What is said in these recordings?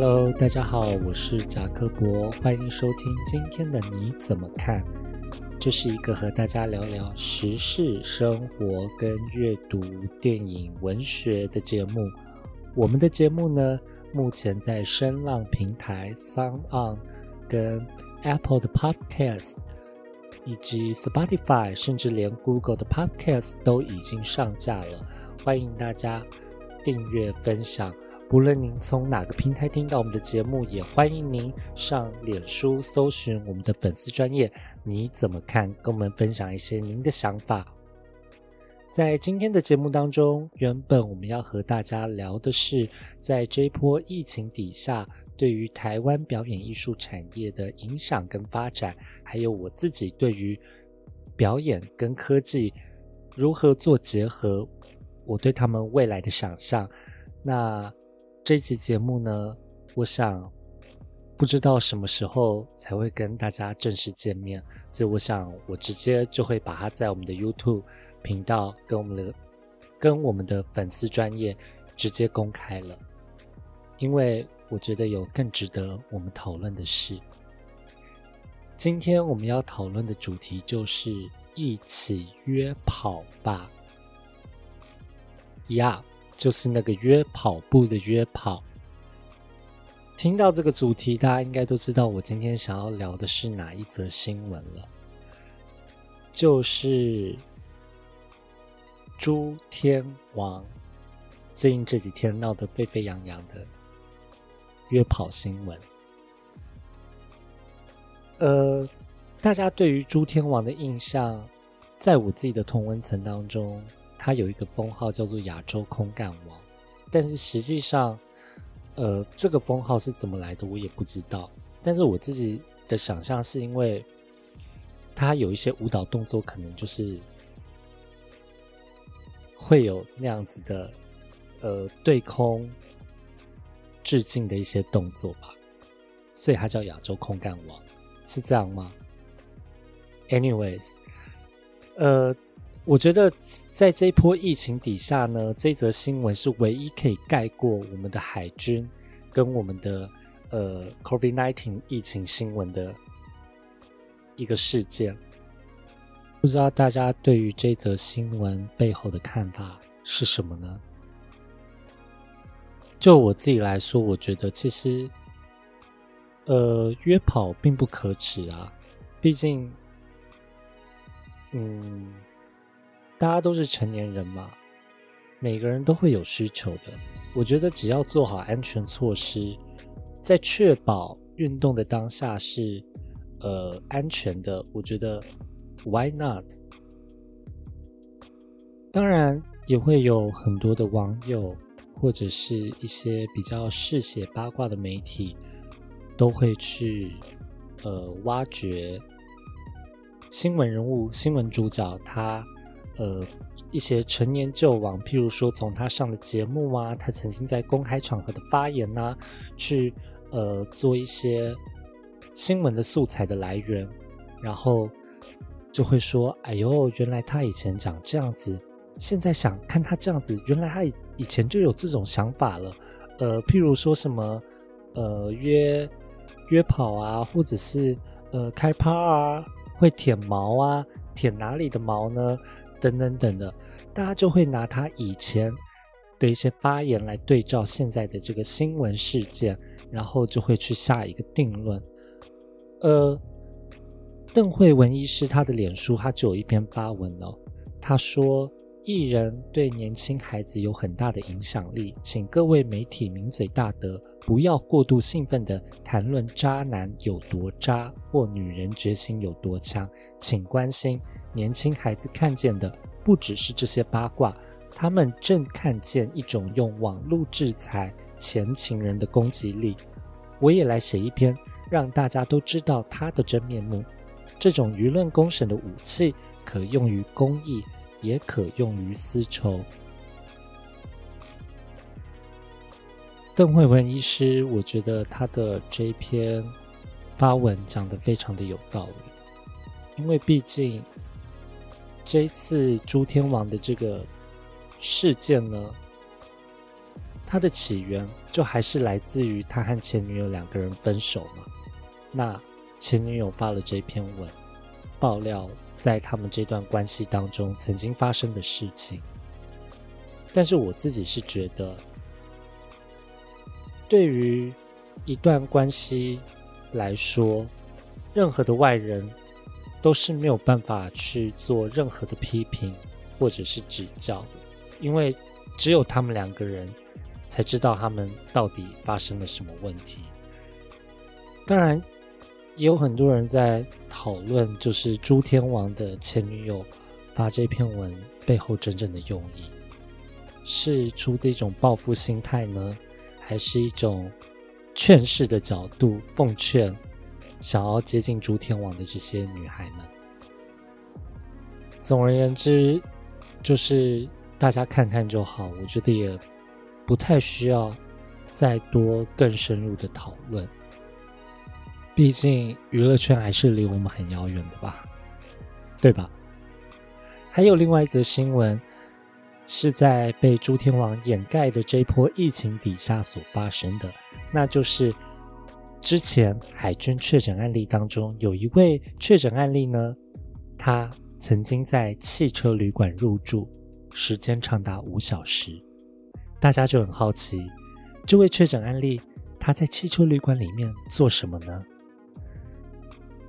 Hello，大家好，我是賈科博，歡迎收聽今天的你怎麼看？這，就是一個和大家聊聊時事、生活跟閱讀、電影、文學的節目。我們的節目呢，目前在聲浪平台 （Sound On） 跟 Apple 的 Podcast 以及 Spotify，甚至連 Google 的 Podcast 都已經上架了。歡迎大家訂閱分享。無論您從哪個平台聽到我們的節目，也歡迎您上臉書搜尋我們的粉絲專頁。你怎麼看？跟我們分享一些您的想法。在今天的節目當中，原本我們要和大家聊的是，在這波疫情底下，對於台灣表演藝術產業的影響跟發展，還有我自己對於表演跟科技如何做結合，我對他們未來的想象。那。這期節目呢，我想不知道什麼時候才會跟大家正式見面，所以我想我直接就會把它在我們的 YouTube 頻道跟我們的跟我們的粉絲專頁直接公開了，因為我覺得有更值得我們討論的事。今天我們要討論的主題就是一起約跑吧，yeah. 就是那個約跑步的約跑，聽到這個主題，大家應該都知道我今天想要聊的是哪一則新聞了，就是豬天王最近這幾天鬧得沸沸揚揚的約跑新聞。呃，大家對於豬天王的印象，在我自己的同溫層當中。他有一個封號叫做“亞洲空幹王”，但是實際上，呃，這個封號是怎麼來的我也不知道。但是我自己的想象是因為他有一些舞蹈動作，可能就是會有那樣子的，呃，對空致敬的一些動作吧，所以他叫“亞洲空幹王”，是這樣嗎？Anyways，呃。我覺得在這一波疫情底下呢，這則新聞是唯一可以蓋過我們的海軍跟我們的呃 COVID-19 疫情新聞的一個事件。不知道大家對於這則新聞背後的看法是什麼呢？就我自己來說，我覺得其實呃約跑並不可恥啊，畢竟嗯。大家都是成年人嘛，每個人都會有需求的。我覺得只要做好安全措施，在確保運動的當下是呃安全的，我覺得 why not？當然也會有很多的網友或者是一些比較嗜血八卦的媒體，都會去呃挖掘新聞人物、新聞主角他。呃，一些陳年舊聞，譬如說從他上的節目啊，他曾經在公開場合的發言啊，去呃做一些新聞的素材的來源，然後就會說，哎喲，原來他以前長這樣子，現在想看他這樣子，原來他以前就有這種想法了。呃，譬如說什麼，呃，約約跑啊，或者是呃開趴啊，會舔毛啊。舔哪裡的毛呢？等等等，等的，大家就會拿他以前的一些發言來對照現在的這個新聞事件，然後就會去下一個定論。呃，鄧惠文醫師他的臉書，他就有一篇發文哦，他說：“藝人對年輕孩子有很大的影響力，請各位媒體名嘴大德不要過度興奮地談論渣男有多渣或女人覺醒有多強，請關心。”年輕孩子看見的不只是這些八卦，他們正看見一種用網絡制裁前情人的攻擊力。我也來寫一篇，讓大家都知道它的真面目。這種輿論公審的武器，可用於公益，也可用於私仇。鄧惠文醫師，我覺得他的這篇發文講得非常的有道理，因為畢竟。這一次朱天王的這個事件呢，它的起源就還是來自於他和前女友兩個人分手嘛。那前女友發了這篇文，爆料在他們這段關係當中曾經發生的事情。但是我自己是覺得，對於一段關係來說，任何的外人。都是沒有辦法去做任何的批評或者是指教，因為只有他們兩個人才知道他們到底發生了什麼問題。當然，也有很多人在討論，就是豬天王的前女友發這篇文背後真正的用意，是出自一種報復心態呢，還是一種勸世的角度，奉勸。想要接近豬天王的這些女孩們。總而言之，就是大家看看就好，我覺得也不太需要再多更深入的討論。畢竟娛樂圈還是離我們很遙遠的吧，對吧？還有另外一則新聞，是在被豬天王掩蓋的這波疫情底下所發生的，那就是。之前海軍確診案例當中，有一位確診案例呢，他曾經在汽車旅館入住，時間長達五小時。大家就很好奇，這位確診案例他在汽車旅館裡面做什麼呢？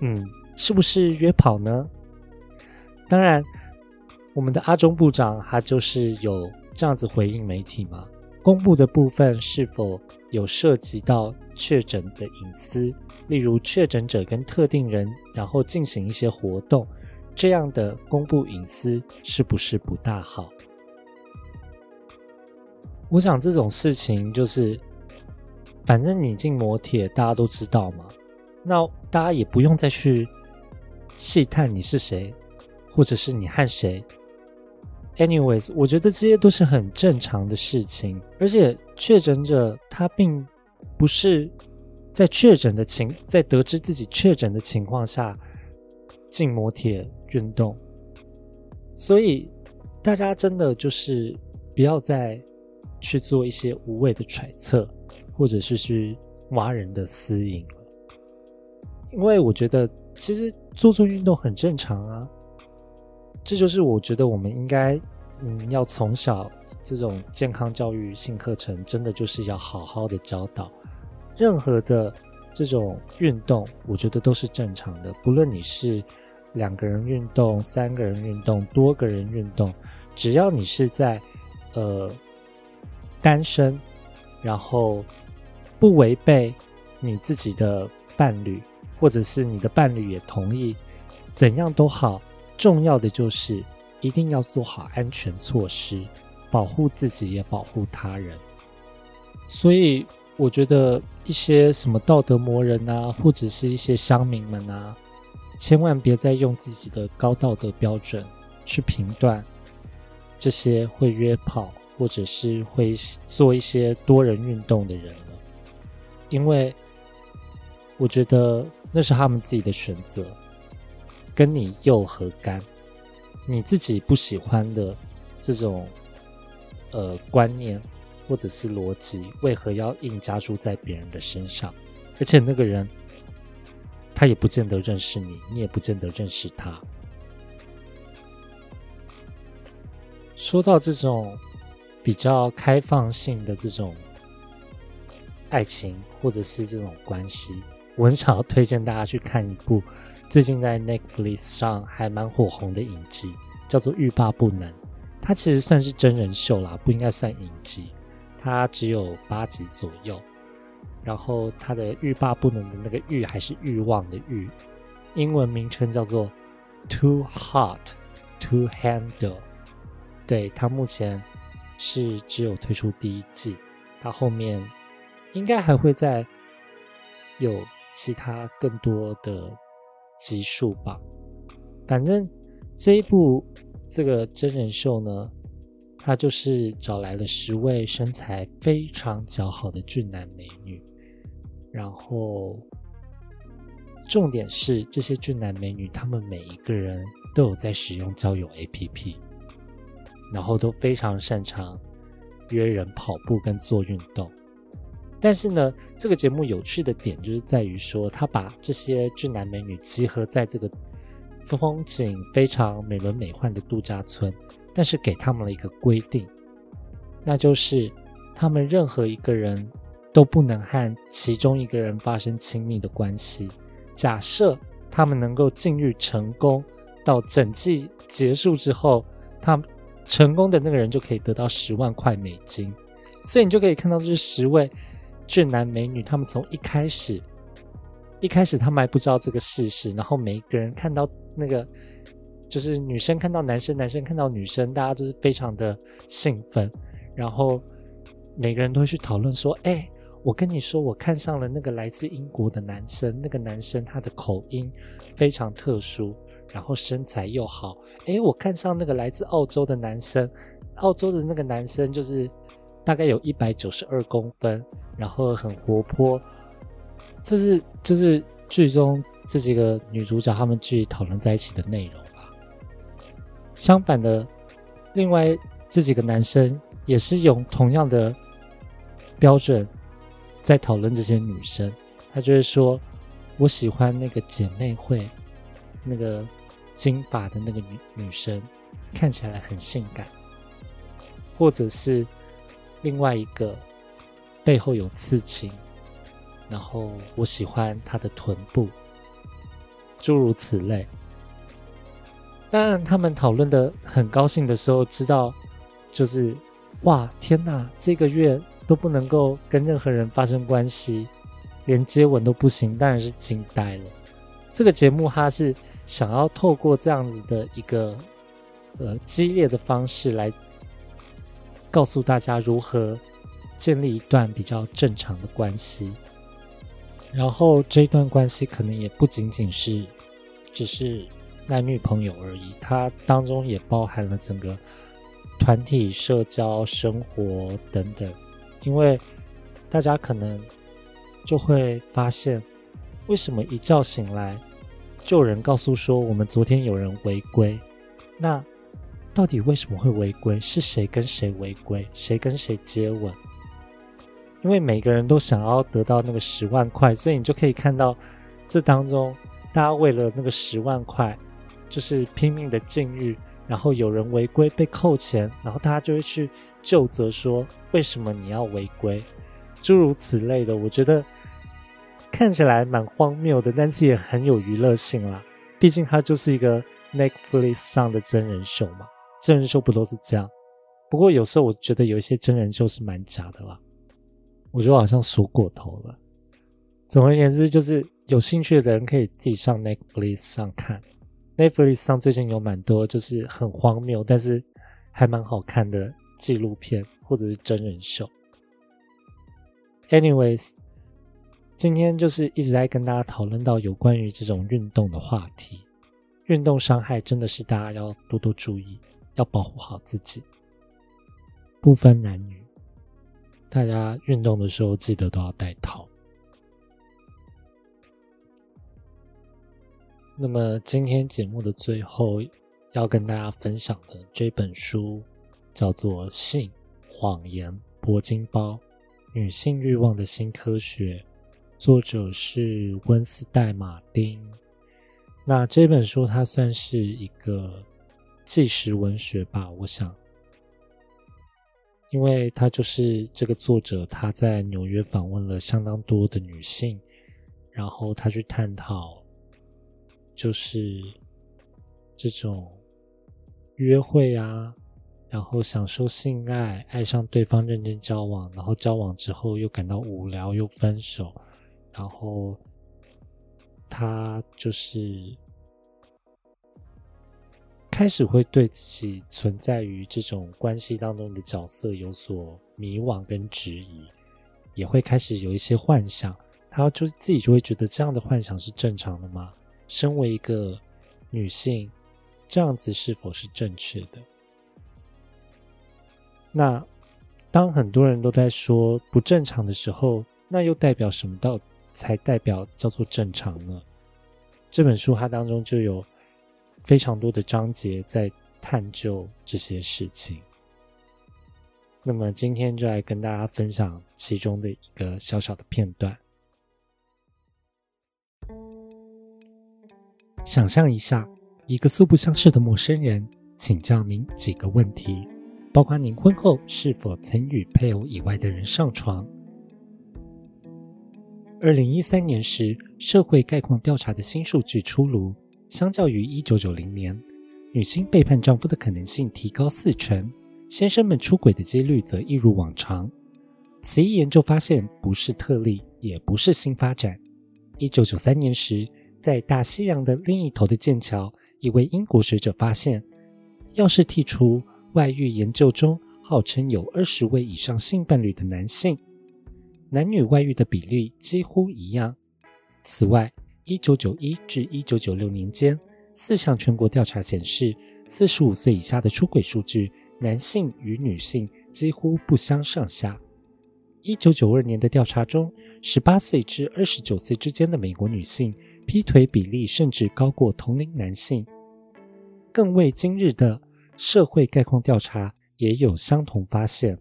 嗯，是不是約跑呢？當然，我們的阿中部長他就是有這樣子回應媒體嘛。公布的部分是否有涉及到確診的隱私，例如確診者跟特定人，然後進行一些活動，這樣的公布隱私是不是不大好？我想這種事情就是，反正你進摩鐵，大家都知道嘛，那大家也不用再去細探你是誰，或者是你和誰。Anyways，我覺得這些都是很正常的事情，而且確診者他並不是在確診的情，在得知自己確診的情況下進摩鐵運動，所以大家真的就是不要再去做一些無謂的揣測，或者是去挖人的私隱了，因為我覺得其實做做運動很正常啊。這就是我覺得我們應該，嗯，要從小這種健康教育性課程，真的就是要好好的教導。任何的這種運動，我覺得都是正常的。不論你是兩個人運動、三個人運動、多個人運動，只要你是在呃單身，然後不違背你自己的伴侶，或者是你的伴侶也同意，怎樣都好。重要的就是一定要做好安全措施，保護自己也保護他人。所以，我覺得一些什麼道德魔人啊，或者是一些鄉民們啊，千萬別再用自己的高道德標準去評斷這些會約跑或者是會做一些多人運動的人了，因為我覺得那是他們自己的選擇。跟你又何干？你自己不喜歡的這種呃觀念或者是邏輯，為何要硬加注在別人的身上？而且那個人他也不見得認識你，你也不見得認識他。說到這種比較開放性的這種愛情或者是這種關係，我很想要推薦大家去看一部。最近在 Netflix 上還蠻火紅的影集，叫做《慾罷不能》，它其實算是真人秀啦，不應該算影集。它只有八集左右，然後它的《慾罷不能》的那個“慾”還是慾望的“慾”，英文名稱叫做《Too Hot to Handle》。對，它目前是只有推出第一季，它後面應該還會再有其他更多的。極速版，反正這一部這個真人秀呢，它就是找來了十位身材非常姣好的俊男美女，然後重點是這些俊男美女，他們每一個人都有在使用交友 APP，然後都非常擅長約人跑步跟做運動。但是呢，這個節目有趣的點就是在於說，他把這些俊男美女集合在這個風景非常美輪美奐的度假村，但是給他們了一個規定，那就是他們任何一個人都不能和其中一個人發生親密的關係。假設他們能夠禁慾成功，到整季結束之後，他成功的那個人就可以得到十萬塊美金。所以你就可以看到這十位。俊男美女，他們從一開始，一開始他們還不知道這個事實，然後每一個人看到那個，就是女生看到男生，男生看到女生，大家都是非常的興奮，然後每個人都會去討論說：“欸，我跟你說，我看上了那個來自英國的男生，那個男生他的口音非常特殊，然後身材又好。欸，我看上那個來自澳洲的男生，澳洲的那個男生就是大概有一百九十二公分。”然後很活潑，這是就是劇中這幾個女主角他們聚討論在一起的內容吧。相反的，另外這幾個男生也是用同樣的標準在討論這些女生。他就是說，我喜歡那個姐妹會那個金髮的那個女女生，看起來很性感，或者是另外一個。背後有刺青，然後我喜歡他的臀部，諸如此類。當然，他們討論的很高興的時候，知道就是哇天哪，這個月都不能夠跟任何人發生關係，連接吻都不行，當然是驚呆了。這個節目，它是想要透過這樣子的一個呃激烈的方式來告訴大家如何。建立一段比較正常的關係，然後這一段關係可能也不僅僅是只是男女朋友而已，它當中也包含了整個團體社交、生活等等。因為大家可能就會發現，為什麼一覺醒來就有人告訴說我們昨天有人違規。那到底為什麼會違規？是誰跟誰違規？誰跟誰接吻？因為每個人都想要得到那個十萬塊，所以你就可以看到，這當中大家為了那個十萬塊，就是拼命的禁欲，然後有人違規被扣錢，然後大家就會去究責說為什麼你要違規，諸如此類的。我覺得看起來蠻荒謬的，但是也很有娛樂性啦。畢竟它就是一個 Netflix 上的真人秀嘛，真人秀不都是這樣？不過有時候我覺得有一些真人秀是蠻假的啦。我覺得我好像數過頭了。總而言之，就是有興趣的人可以自己上 Netflix 上看。Netflix 上最近有蠻多就是很荒謬，但是還蠻好看的紀錄片或者是真人秀。Anyways，今天就是一直在跟大家討論到有關於這種運動的話題。運動傷害真的是大家要多多注意，要保護好自己，不分男女。大家運動的時候記得都要戴套。那麼今天節目的最後要跟大家分享的這本書叫做《性謊言：鉑金包女性欲望的新科學》，作者是溫斯代·馬丁。那這本書它算是一個紀實文學吧，我想。因為他就是這個作者，他在紐約訪問了相當多的女性，然後他去探討，就是這種約會啊，然後享受性愛，愛上對方，認真交往，然後交往之後又感到無聊，又分手，然後他就是。開始會對自己存在於這種關係當中的角色有所迷惘跟質疑，也會開始有一些幻想，他就自己就會覺得這樣的幻想是正常的嗎？身為一個女性，這樣子是否是正確的？那當很多人都在說不正常的時候，那又代表什麼？到底才代表叫做正常呢？這本書它當中就有。非常多的章節在探究這些事情，那麼今天就來跟大家分享其中的一個小小的片段。想象一下，一個素不相識的陌生人請教您幾個問題，包括您婚後是否曾與配偶以外的人上床。二零一三年時，社會概況調查的新數據出爐。相較於一九九零年，女性背叛丈夫的可能性提高四成，先生們出軌的幾率則一如往常。此一研究發現不是特例，也不是新發展。一九九三年時，在大西洋的另一頭的劍橋，一位英國學者發現，要是剔除外遇研究中號稱有二十位以上性伴侶的男性，男女外遇的比例幾乎一樣。此外，一九九一至一九九六年間，四項全國調查顯示，四十五歲以下的出軌數據，男性與女性幾乎不相上下。一九九二年的調查中，十八歲至二十九歲之間的美國女性劈腿比例甚至高過同齡男性。更為今日的社會概況調查也有相同發現。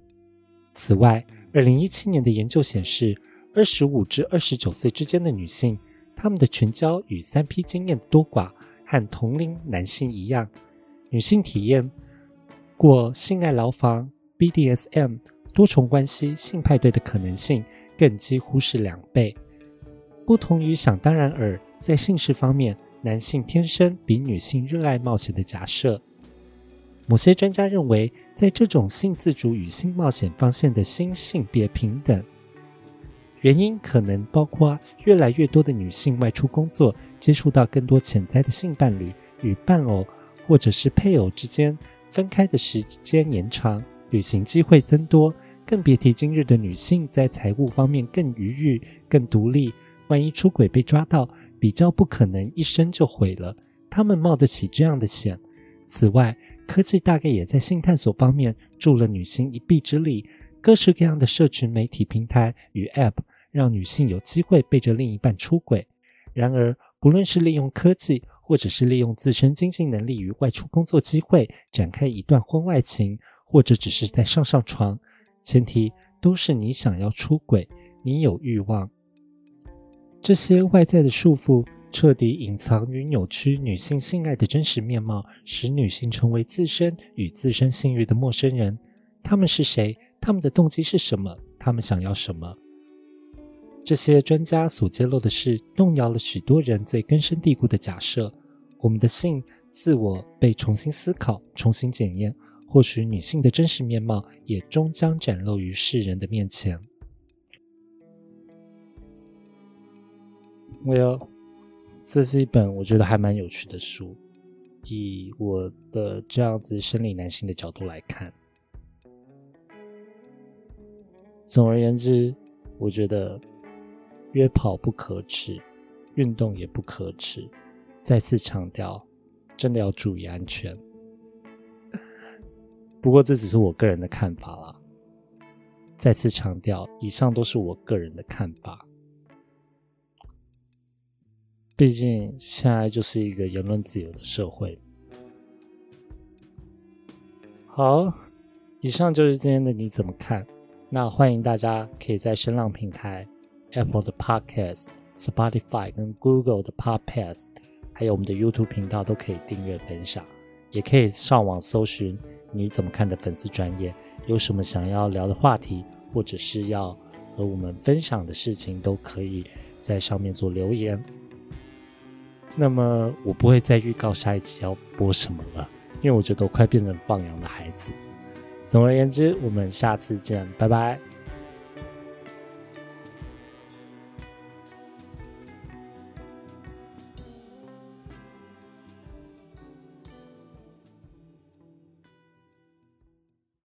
此外，二零一七年的研究顯示，二十五至二十九歲之間的女性他們的群交與三 P 經驗的多寡，和同齡男性一樣，女性體驗過性愛牢房、BDSM、多重關係、性派對的可能性，更幾乎是兩倍。不同於想當然爾在性事方面男性天生比女性熱愛冒險的假設，某些專家認為，在這種性自主與性冒險方向的新性別平等。原因可能包括越來越多的女性外出工作，接觸到更多潛在的性伴侶與伴偶，或者是配偶之間分開的時間延長，旅行機會增多，更別提今日的女性在財務方面更富裕、更獨立。萬一出軌被抓到，比較不可能一生就毀了，她們冒得起這樣的險。此外，科技大概也在性探索方面助了女性一臂之力，各式各樣的社群媒體平台與 App。讓女性有機會背着另一半出軌。然而，不論是利用科技，或者是利用自身經濟能力與外出工作機會展開一段婚外情，或者只是在上上床，前提都是你想要出軌，你有欲望。這些外在的束縛徹底隱藏與扭曲女性性愛的真實面貌，使女性成為自身與自身性欲的陌生人。他們是誰？他們的動機是什麼？他們想要什麼？這些專家所揭露的事動搖了許多人最根深蒂固的假設。我們的性自我被重新思考、重新檢驗，或許女性的真實面貌也終將展露於世人的面前。Well，這是一本我覺得還蠻有趣的書，以我的這樣子生理男性的角度來看。總而言之，我覺得。約跑不可恥，運動也不可恥。再次強調，真的要注意安全。不過這只是我個人的看法啦。再次強調，以上都是我個人的看法。畢竟現在就是一個言論自由的社會。好，以上就是今天的你怎麼看。那歡迎大家可以在聲浪平台。Apple 的 Podcast、Spotify 跟 Google 的 Podcast，還有我們的 YouTube 頻道都可以訂閱分享，也可以上網搜尋。你怎麼看的粉絲專頁有什麼想要聊的話題，或者是要和我們分享的事情，都可以在上面做留言。那麼我不會再預告下一集要播什麼了，因為我覺得我快變成放羊的孩子。總而言之，我們下次見，拜拜。